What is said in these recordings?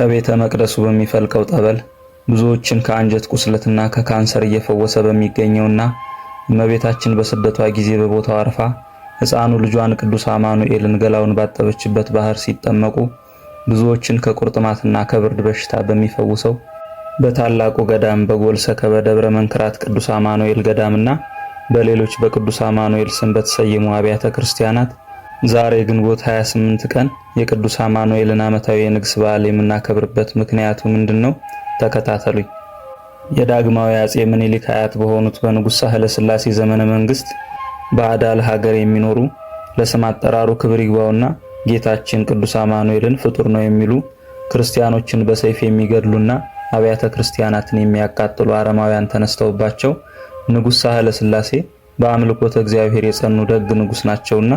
ከቤተ መቅደሱ በሚፈልቀው ጠበል ብዙዎችን ከአንጀት ቁስለትና ከካንሰር እየፈወሰ በሚገኘውና እመቤታችን በስደቷ ጊዜ በቦታው አርፋ ሕፃኑ ልጇን ቅዱስ አማኑኤልን ገላውን ባጠበችበት ባህር ሲጠመቁ ብዙዎችን ከቁርጥማትና ከብርድ በሽታ በሚፈውሰው በታላቁ ገዳም በጎልሰ ከበደብረ መንክራት ቅዱስ አማኑኤል ገዳምና በሌሎች በቅዱስ አማኑኤል ስም በተሰየሙ አብያተ ክርስቲያናት ዛሬ ግንቦት 28 ቀን የቅዱስ አማኑኤልን ዓመታዊ የንግስ በዓል የምናከብርበት ምክንያቱ ምንድን ነው? ተከታተሉኝ። የዳግማዊ አጼ ምኒልክ አያት በሆኑት በንጉሥ ሳህለ ሥላሴ ዘመነ መንግስት በአዳል ሀገር የሚኖሩ ለስም አጠራሩ ክብር ይግባውና ጌታችን ቅዱስ አማኑኤልን ፍጡር ነው የሚሉ ክርስቲያኖችን በሰይፍ የሚገድሉና አብያተ ክርስቲያናትን የሚያቃጥሉ አረማውያን ተነስተውባቸው ንጉሥ ሳህለ ሥላሴ በአምልኮተ እግዚአብሔር የጸኑ ደግ ንጉሥ ናቸውና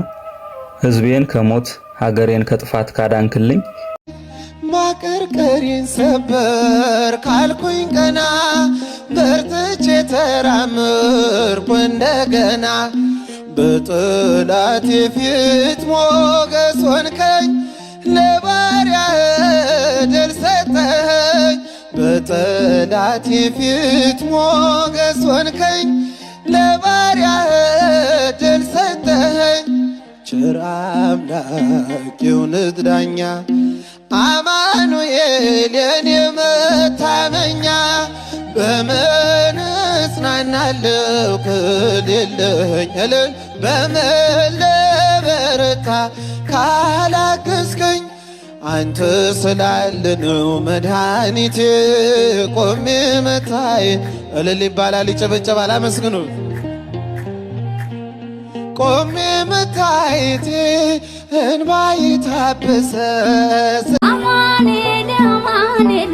ሕዝቤን ከሞት ሀገሬን ከጥፋት ካዳንክልኝ ማቀርቀሪን ሰበር ካልኩኝ ቀና በርትቼ ተራምርኩ እንደገና በጠላት የፊት ሞገስ ሆንከኝ ለባሪያ ድል ሰጠኸኝ በጠላት የፊት ሞገስ ሆንከኝ ለባሪያ ድል ሰጠኸኝ ችራ አምላክ የእውነት ዳኛ አማኑኤል የኔ መታመኛ በምን እጽናናለሁ ክል የለኝ እልል በምን ልበረታ ካላገዝከኝ አንተ ስላለ ነው መድኃኒቴ ቆሜ መታዬ እልል ይባላል ይጨበጨባል አመስግኑ ቆሜ መታየቴ እንባ ይታበሰ አማኔል አማኔል